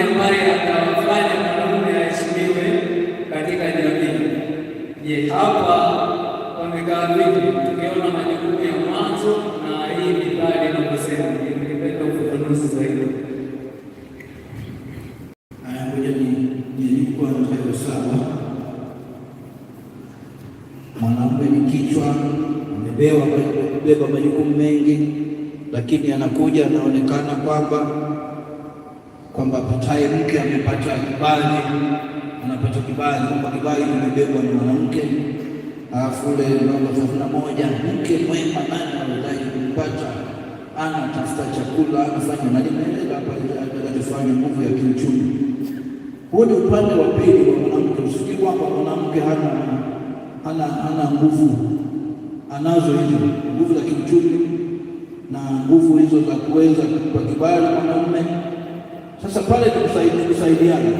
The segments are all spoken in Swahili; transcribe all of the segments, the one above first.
mwanamke ambaye atamfanya mwanamume aheshimiwe katika jamii. Je, hapa wamekaa vipi? Tukiona majukumu ya mwanzo na hii mithali inavyosema, ningependa ufafanuzi zaidi. Mwanamke ni kichwa, amebeba majukumu mengi, lakini anakuja anaonekana kwamba ambaye mke amepata kibali, anapata kibali kwamba kibali kimebebwa na mwanamke, alafu ule namba thelathini na moja mke mwema nani anahitaji kumpata? Anatafuta chakula, anafanya nalimelela atakachofanya nguvu ya kiuchumi. Huu ni upande wa pili wa mwanamke. Usifikiri kwamba mwanamke hana ana ana nguvu, anazo hizo nguvu za kiuchumi na nguvu hizo za kuweza kwa kibali mwanaume sasa pale tukusaidiana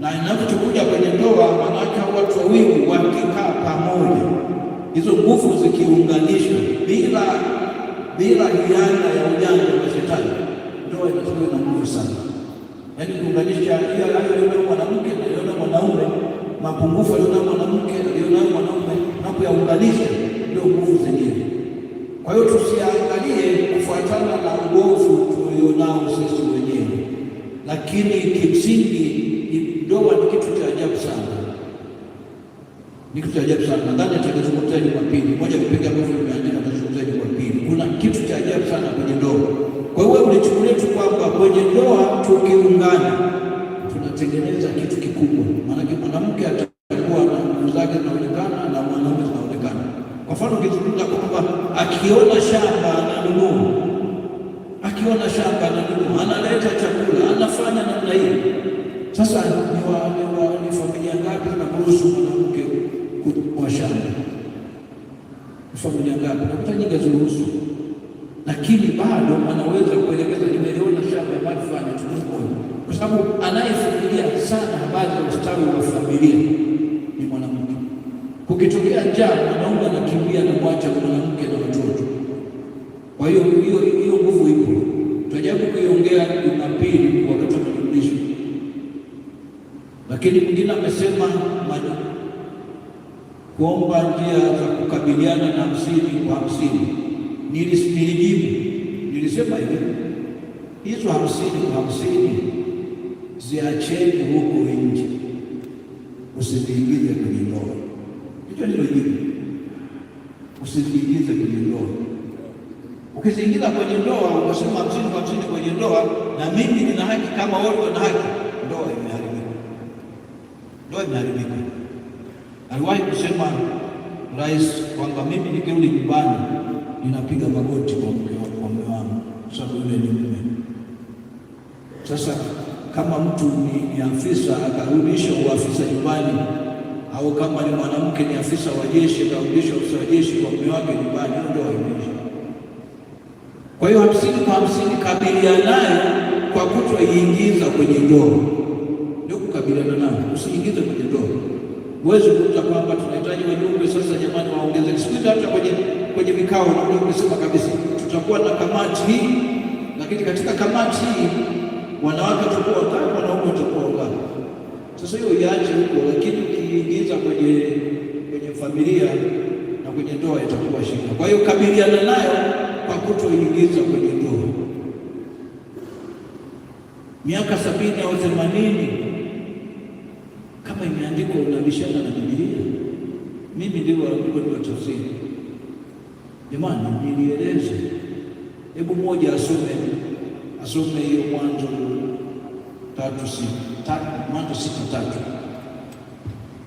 na inapotukuja kwenye ndoa, manake watu wawili wakikaa pamoja, hizo nguvu zikiunganishwa bila bila hiana ya ujanja wa shetani, ndoa inatakiwa na nguvu sana, yaani kuunganisha aliona mwanamke aliona mwanaume, mapungufu aliona mwanamke aliona mwanaume na kuyaunganisha, ndio nguvu zingine. Kwa hiyo tusiangalie kufuatana na nguvu tulionao sisi wenyewe lakini kimsingi ndoa ni kitu cha ajabu sana, ni kitu cha ajabu sana. Nadhani atakazungumzia Jumapili moja kupiga mafi imeandika atazungumzia Jumapili. Kuna kitu cha ajabu sana kwenye ndoa. Kwa hiyo unachukulia tu kwamba kwenye ndoa tukiungana tunatengeneza kitu kikubwa, maanake mwanamke ukitokea njaa, mwanaume anakimbia na kuacha mwanamke na mtoto. Kwa hiyo hiyo nguvu ipo, tutajaribu kuiongea Jumapili wakati wa majumulisho. Lakini mwingine amesema kuomba njia za kukabiliana na hamsini kwa hamsini. Nilijibu, nilisema hivi, hizo hamsini kwa hamsini ziacheni huko nje, usiziingize kwenye ndoa. Hicho ndio jibu. Usijiingize kwenye ndoa. Ukiziingiza kwenye ndoa ukasema hamsini kwa hamsini kwenye ndoa, na mimi nina haki kama wewe una haki, ndoa imeharibika. Ndoa imeharibika. Aliwahi kusema rais kwamba mimi nikirudi nyumbani ninapiga magoti kwa mume wangu, sababu yule ni mume. Sasa kama mtu ni afisa akarudisha uafisa nyumbani au kama ni mwanamke ni afisa wa jeshi akarudisha afisa wa jeshi kwa mume wake nyumbani, ndio imeisha. Kwa hiyo hamsini kwa hamsini, kabiliana naye kwa kutoiingiza kwenye ndoa, ndio kukabiliana nayo, usiingize kwenye ndoa. Huwezi kuta kwamba tunahitaji wajumbe sasa, jamani, waongeze. Siku hizi hata kwenye kwenye vikao naona umesema kabisa, tutakuwa na kamati hii, lakini katika kamati hii wanawake watakuwa wangapi, wanaume watakuwa wangapi? Sasa hiyo iache huko, lakini ukiingiza kwenye kwenye familia na kwenye ndoa itakuwa shida. Kwa hiyo kabiliana nayo kwa kutoingiza kwenye ndoa. Miaka sabini au themanini kama imeandikwa unabishana na Biblia, mimi ndio niwatosini jamani, nilieleze. Hebu mmoja asome asome hiyo Mwanzo tatu sita tatu Mwanzo sita tatu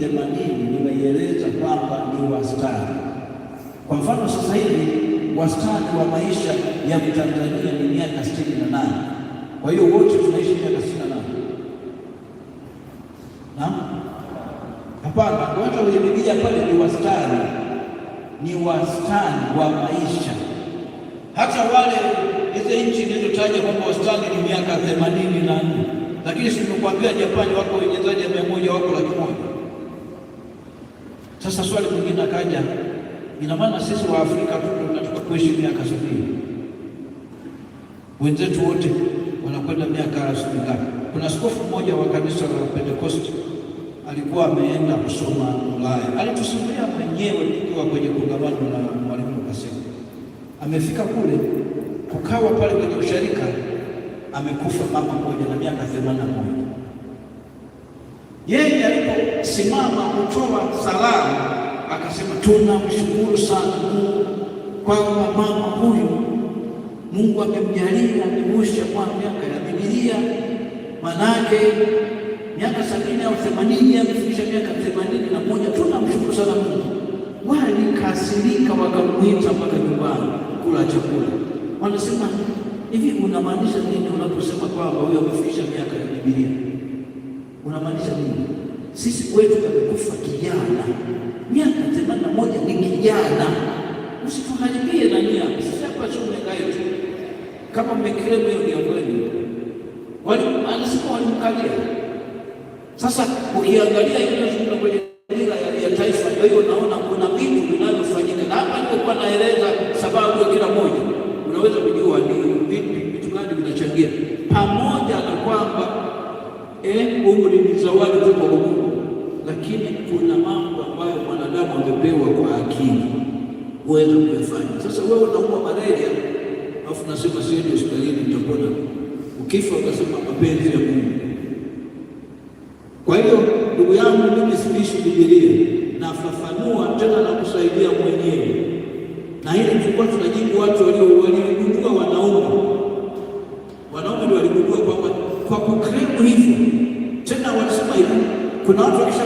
themanini nimeieleza kwamba ni wastani. Kwa mfano sasa hivi wastani wa maisha ya Mtanzania ni miaka sitini na nane. Kwa hiyo wote tunaishi miaka sitini na nane? hapana, watu walipigia pale ni wastani, ni wastani wa maisha. Hata wale hizi nchi nilizotaja kwamba wastani ni miaka themanini na nne, lakini sikukwambia Japani wako wenye zaidi ya mia moja wako laki moja sasa swali lingine akaja, ina maana sisi wa Afrika tunataka kuishi miaka sabini, wenzetu wote wanakwenda miaka sabini ngapi? Kuna askofu mmoja wa kanisa la Pentecost alikuwa ameenda kusoma Ulaya, alitusimulia mwenyewe tukiwa kwenye kongamano la Mwalimu Lukasemu. Amefika kule, kukawa pale kwenye usharika, amekufa mama mmoja na miaka themanini na moja alisimama kutoa salamu akasema, tunamshukuru sana Mungu kwamba mama huyu Mungu amemjalia kuusha kwa miaka ya Biblia, manake miaka sabini au themanini amefikisha miaka themanini na moja. Tunamshukuru sana Mungu. Walikasirika wakamwita mpaka nyumbani kula chakula, wanasema hivi, unamaanisha nini unaposema kwamba huyo amefikisha miaka ya Biblia? Unamaanisha nini? Sisi kwetu amekufa kijana, miaka themanini na moja ni kijana. na Usituharibie nania tu kama mmekiremu hiyo miongoni anasema walimkalia. Sasa ukiangalia inazungumza kwenye dira ya taifa, kwa hiyo naona kuna vitu vinavyofanyika, na hapa nilikuwa naeleza sababu ya kila moja, unaweza kujua ni vitu vitu gani vinachangia, pamoja na kwamba eh, Mungu ni zawadi kutoka kwa Mungu lakini kuna mambo ambayo mwanadamu amepewa kwa akili huwezi kuyafanya. Sasa wewe unaumwa malaria, alafu nasema siendi hospitalini nitapona. Ukifa ukasema mapenzi ya Mungu. Kwa hiyo ndugu yangu, mimi sibishi Bibilia, nafafanua tena na kusaidia mwenyewe, na hili tulikuwa tunajibu watu waligundua, wanaume wanaume ndio waligundua kwamba kwa kukrimu hivyo tena, wanasema hivi kuna watu wakisha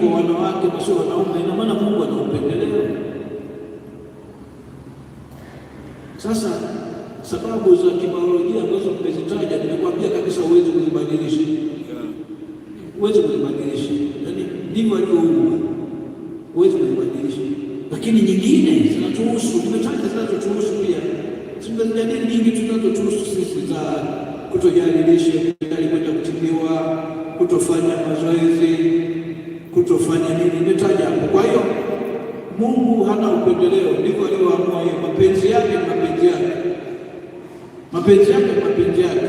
kwa wanawake na sio wanaume, ina maana Mungu ana upendeleo. Sasa sababu za kibiolojia ambazo mmezitaja, nimekuambia kabisa huwezi kuibadilisha, huwezi kuibadilisha, yaani ndivyo alivyoumbwa, huwezi kuibadilisha. Lakini nyingine zinatuhusu, tumetaja zinatuhusu pia, tumejadili nyingi tunazotuhusu sisi za kutojali lishe, kwenda kutibiwa, kutofanya mazoezi kufanya nini? Ndio ajabu. Kwa hiyo Mungu hana upendeleo, ndivyo alivyoamua yeye. Mapenzi yake mapenzi yake, mapenzi yake mapenzi yake.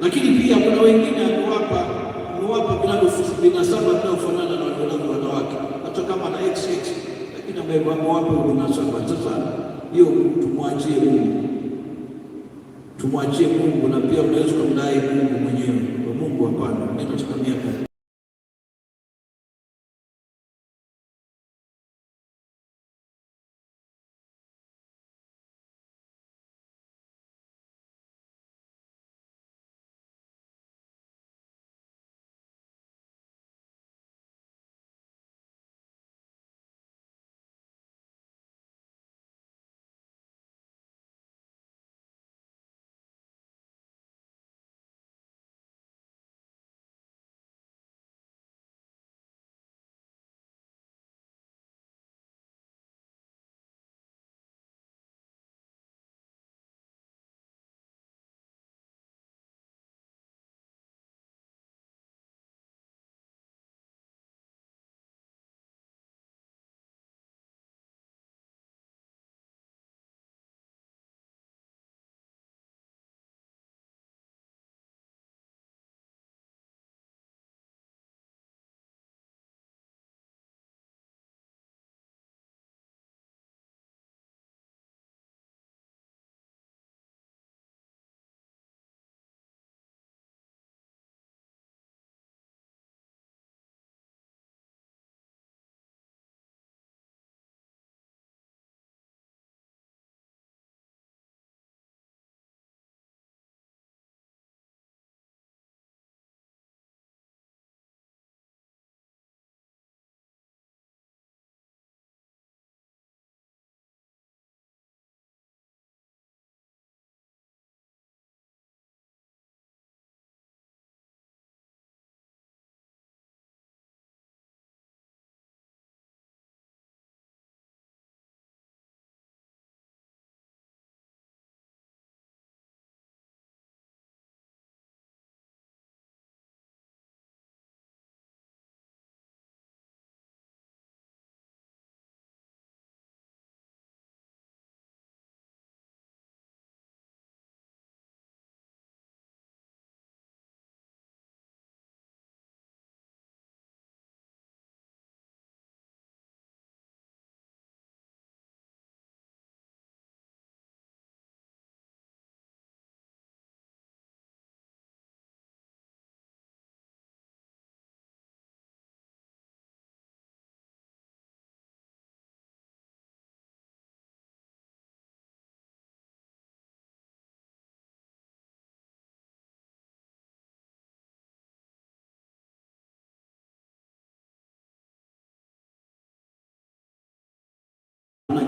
Lakini pia kuna wengine aliwapa aliwapa vinasaba vinavyofanana na wanadamu wanawake, hata kama na XX, lakini amewapa vinasaba. Sasa hiyo tumwachie Mungu, tumwachie Mungu, na pia unaweza kumdai Mungu mwenyewe. kwa Mungu hapana, ni katika miaka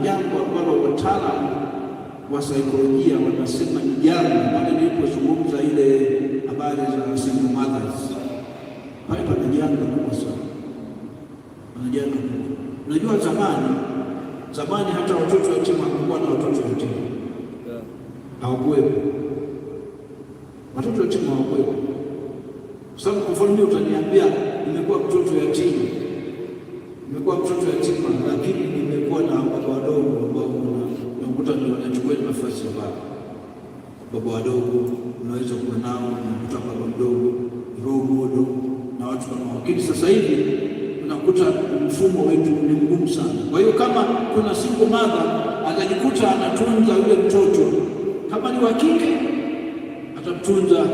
ni jambo ambalo wataalamu wa saikolojia wanasema ni jambo pale nilipozungumza ile habari za single mothers pale pana jambo kubwa sana, pana jambo kubwa. Unajua zamani zamani hata watoto yatima hakukuwa na watoto yatima hawakuwepo, watoto yatima hawakuwepo kwa sababu, kwa mfano utaniambia nimekuwa mtoto yatima, nimekuwa mtoto yatima baba wadogo unaweza kuwa nao, unakuta baba mdogo, roho modo na watu kama wakili. Sasa hivi unakuta mfumo wetu ni mgumu sana. Kwa hiyo kama kuna single mother atajikuta anatunza yule mtoto, kama ni wa kike atamtunza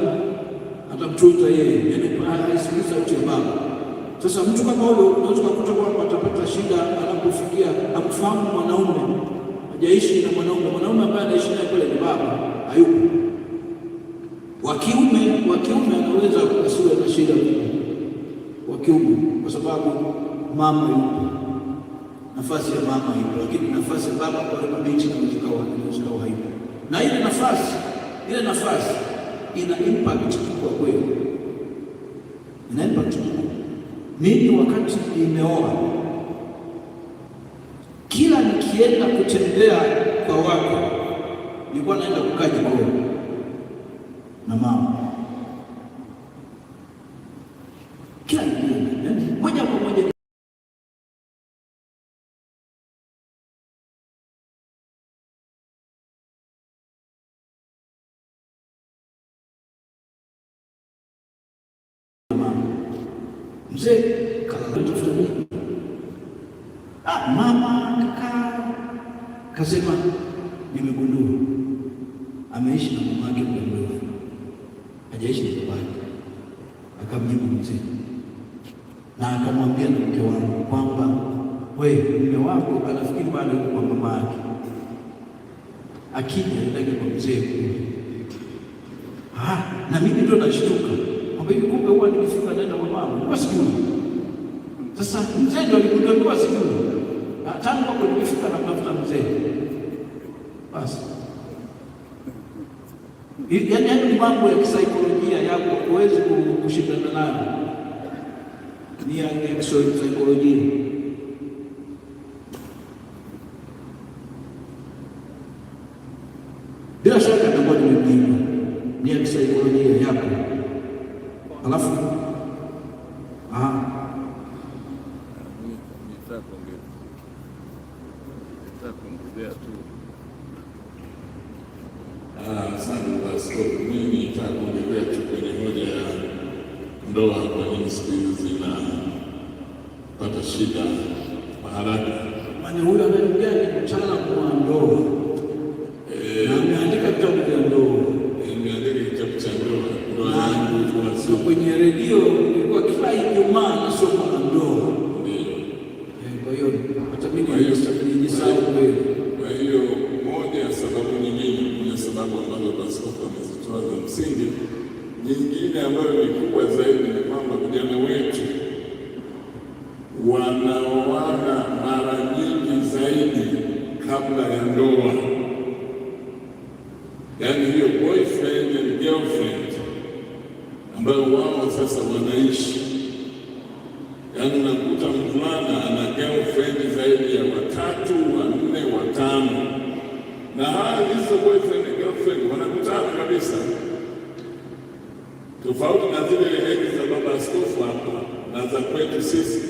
atamtunza yeye, yaani haisikii sauti ya baba. Sasa mtu kama huyo unaweza kukuta kwamba atapata shida anapofikia, akufahamu mwanaume, hajaishi na mwanaume. Mwanaume ambaye anaishi naye pale ni baba hayupo. Wa kiume wa kiume anaweza asiwe na shida wa kiume, kwa sababu mama yupo, nafasi ya mama ipo, lakini nafasi ya baba kwa bichi na mjukuu haipo, na ile nafasi ile nafasi ina impact kwa kweli, ina impact kubwa. Mimi wakati nimeoa, kila nikienda kutembea kwa wako nilikuwa naenda kukaa jikoni na mama kila yaani, moja kwa mama kakaa ah, kasema, nimegundua ameishi na mama yake kwa mrefu, hajaishi na baba Akamjibu mzee na akamwambia na mke wangu kwamba we mume wako anafikiri bado kwa mama yake, akija endake kwa mzee kule. Ah, na mimi ndo nashtuka kwamba hivi kumbe huwa nilifika ndani ya mama kwa sijui. Sasa mzee ndo alikudondoa sijui, ah, tangu hapo nilifika na kutafuta mzee basi yaani ni mambo ya kisaikolojia yako, huwezi kushindana nayo, ni ya kisaikolojia. kwa haraka, maana huyo ananigani mtaalamu wa ndoa eh. na ameandika vitabu vya ndoa, ameandika kitabu cha ndoa eh, kwenye redio watatu, wanne, watano, na hawa hizo boyfriend girlfriend wanakutana kabisa, tofauti na zile hedi za baba askofu hapa na za kwetu sisi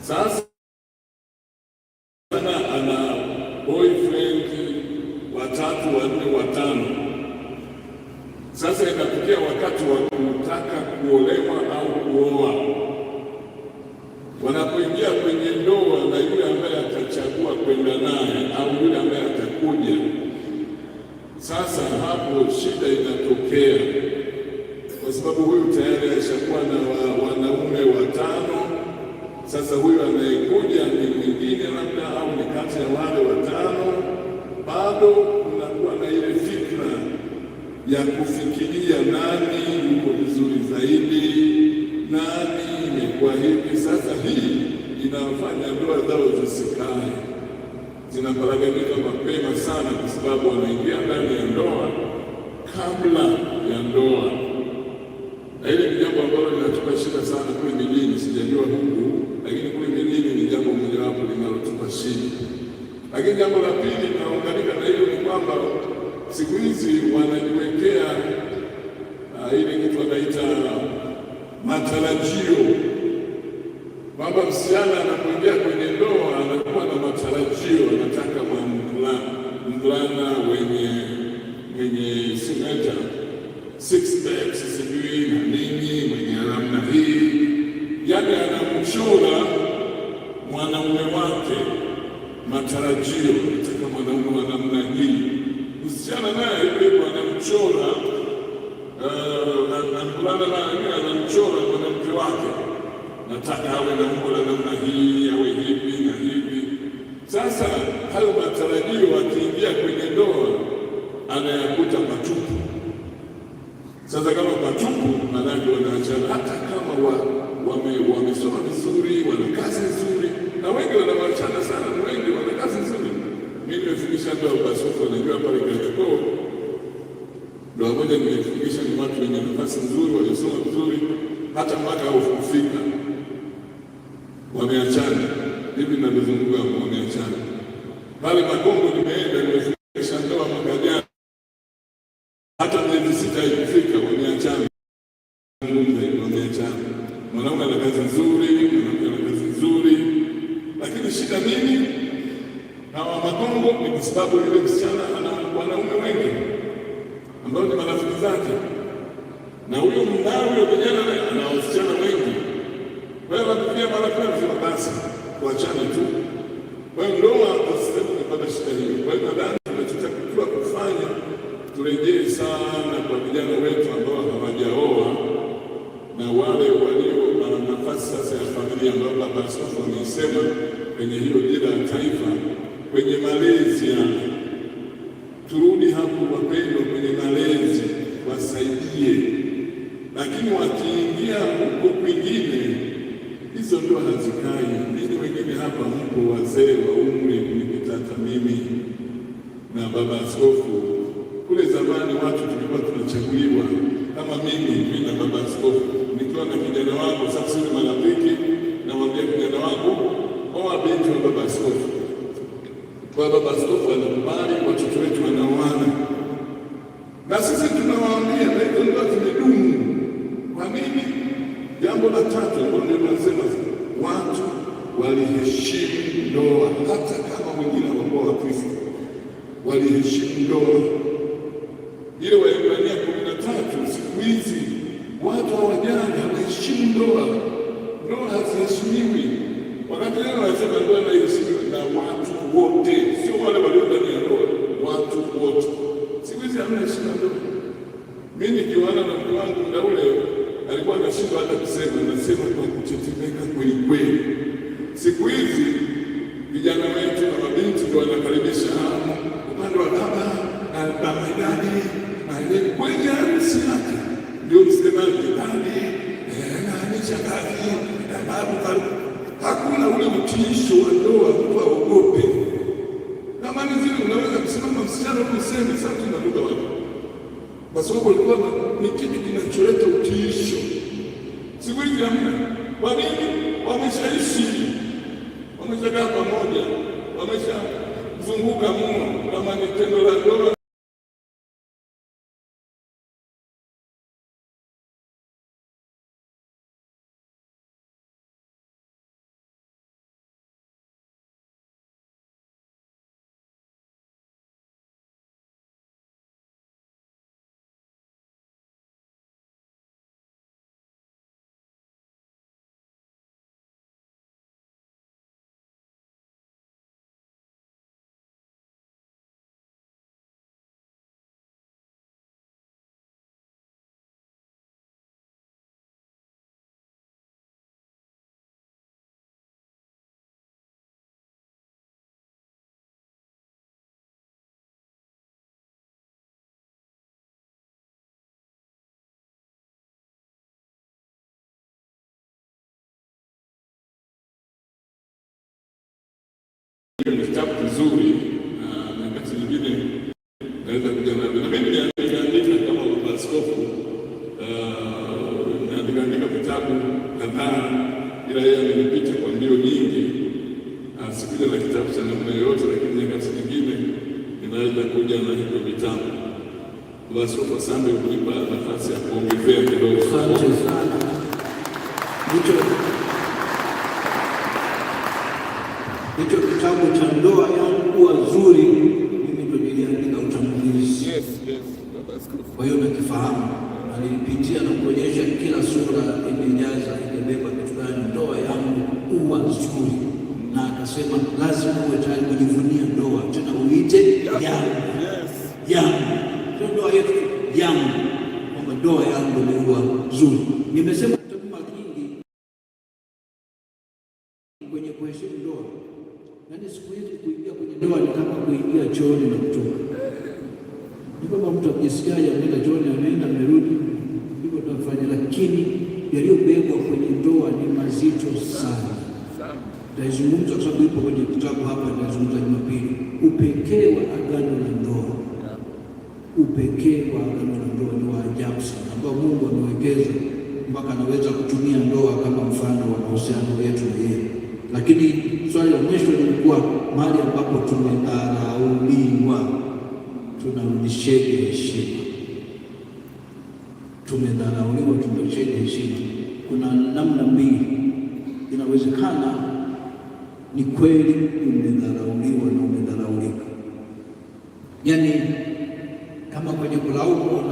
sasa Sasa huyu anayekuja ni mwingine labda, au ni kati ya wale watano, bado kunakuwa na ile fikra ya kufikiria nani yuko vizuri zaidi, nani imekuwa hivi. Sasa hii inafanya ndoa zao zisikae, zinaparaganyika mapema sana, kwa sababu wanaingia ndani ya ndoa kabla ya ndoa, na ile ni jambo ambalo linatupa shida sana kule mijini, sijajua Lakini jambo la pili linaunganika na hilo ni kwamba siku hizi wanajiwekea ah, ile kitu wanaita matarajio, kwamba msichana anapoingia kwenye ndoa anakuwa na matarajio, anataka mvulana wenye mwenye singata six steps sijui na nini, mwenye namna hii, yani anamchora mwanamume wake matarajio katika mwanaume wa namna hii. Msichana naye yule anamchora, anakutana eh, naye anamchora mwanamke wake, nataka awe na umbo la namna hii, awe hivi na hivi. Sasa hayo matarajio akiingia kwenye ndoa anayakuta matupu. Sasa kama matupu, manake wanaachana hata kama wa kabla upasuko, najua pale Kariakoo doa moja nimefundisha, ni watu wenye nafasi nzuri, waliosoma vizuri, hata mpaka haufika wameachana. hivi na mizunguko wameachana pale Makongo, nimeenda Kwa hiyo Dodoma asiwetu kupata shida hiyo. Kwa hiyo nadhani tunachotakiwa kufanya, turejee sana kwa vijana wetu ambao hawajaoa na wale walio na nafasi sasa ya familia, ambayo Baba Askofu ameisema kwenye hiyo dira ya taifa, kwenye malezi yake. Turudi hapo wapendwa, kwenye malezi wasaidie, lakini wakiingia huko kwingine, hizo ndio hazikai hapa mko wazee wa umri kunikutata mimi na baba askofu. Kule zamani watu tulikuwa tunachaguliwa kama mimi, mimi na baba askofu, nikiwa na kijana wangu sasa ni marafiki, namwambia kijana wangu oa binti wa baba askofu, kwa baba askofu anakubali, watoto wetu wanaoana na sisi tunawaambia na hizo ndoa Kwa nini? Jambo la tatu ambalo nimesema waliheshimu ndoa, hata kama wengine hawakuwa Wakristo, waliheshimu ndoa ile. Waebrania kumi na tatu, siku hizi watu hawajali, hawaheshimu ndoa nafsi yake ndio msemaji dhambi eh, anaanisha dhambi na babu. Hakuna ule wa ndoa ogope zile, unaweza kusimama msichana sasa tuna muda wako, kwa sababu ni kitu kinacholeta utiisho siku hizi hamna Basoko sana kulipa nafasi ya kuongezea kidogo. Asante sana. Hicho kitabu cha ndoa yangu kuwa nzuri, mimi ndio niliandika utangulizi. Yes, yes. Kwa hiyo ndoa yangu imekuwa nzuri. Nimesema tutakuwa kingi kwenye kuheshimu ndoa, yaani siku hizi kuingia kwenye ndoa ni kama kuingia chooni na kutoka. Ni kama mtu akisikiaje, ameenda chooni, ameenda amerudi, hivyo tunafanya, lakini yaliyobebwa kwenye ndoa ni mazito sana. Taizungumza kwa sababu ipo kwenye kitabu hapa, nazungumza Jumapili, upekee wa agano upekee wa agano la ndoa ni wa ajabu sana, ambao Mungu amewekeza mpaka anaweza kutumia ndoa kama mfano wa mahusiano yetu na yeye. Lakini swali la mwisho lilikuwa mahali ambapo tumedharauliwa, tunarudisheje heshima? Tumedharauliwa, tunarudisheje heshima? Kuna namna mbili. Inawezekana ni kweli umedharauliwa na umedharaulika, yaani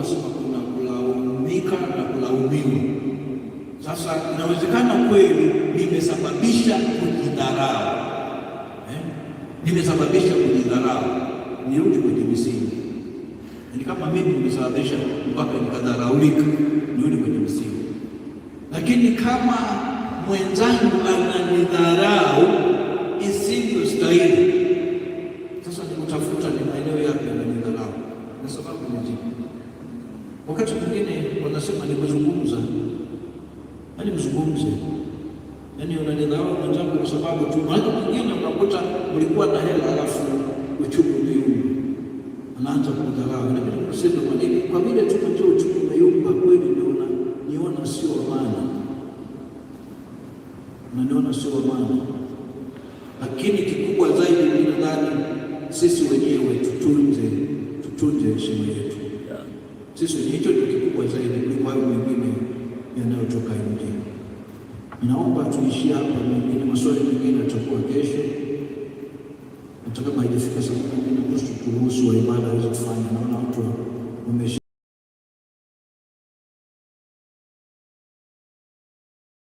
tunasema kuna kulaumika na kulaumiwa. Sasa inawezekana kweli nimesababisha kujidharau eh? nimesababisha kujidharau. Nirudi kwenye misingi, ni kama mimi nimesababisha mpaka nikadharaulika, nirudi kwenye msingi. Lakini kama mwenzangu ananidharau stahili sasa nikutafuta ni maeneo yapi ananidharau, na sababu nyingine Wakati mwingine wanasema ni kuzungumza, yaani mzungumze, yaani unanidhaa mwenzangu kwa sababu tu. Wakati mwingine unakuta ulikuwa na hela halafu uchumi umeyumba, anaanza kudharau, inabidi kusema maneno kwa vile tuko tu uchumi umeyumba kweli, niona niona sio amani, unaniona sio amani. Lakini kikubwa zaidi, mimi nadhani sisi wenyewe tutunze, tutunze heshima yetu sisi hicho kikubwa zaidi kuliko hayo mengine yanayotoka nje. Naomba tuishie hapa, mengine maswali mengine yatakuwa kesho, hata kama haijafika saa kumi wa ibada aweze kufanya. Naona watu wamesh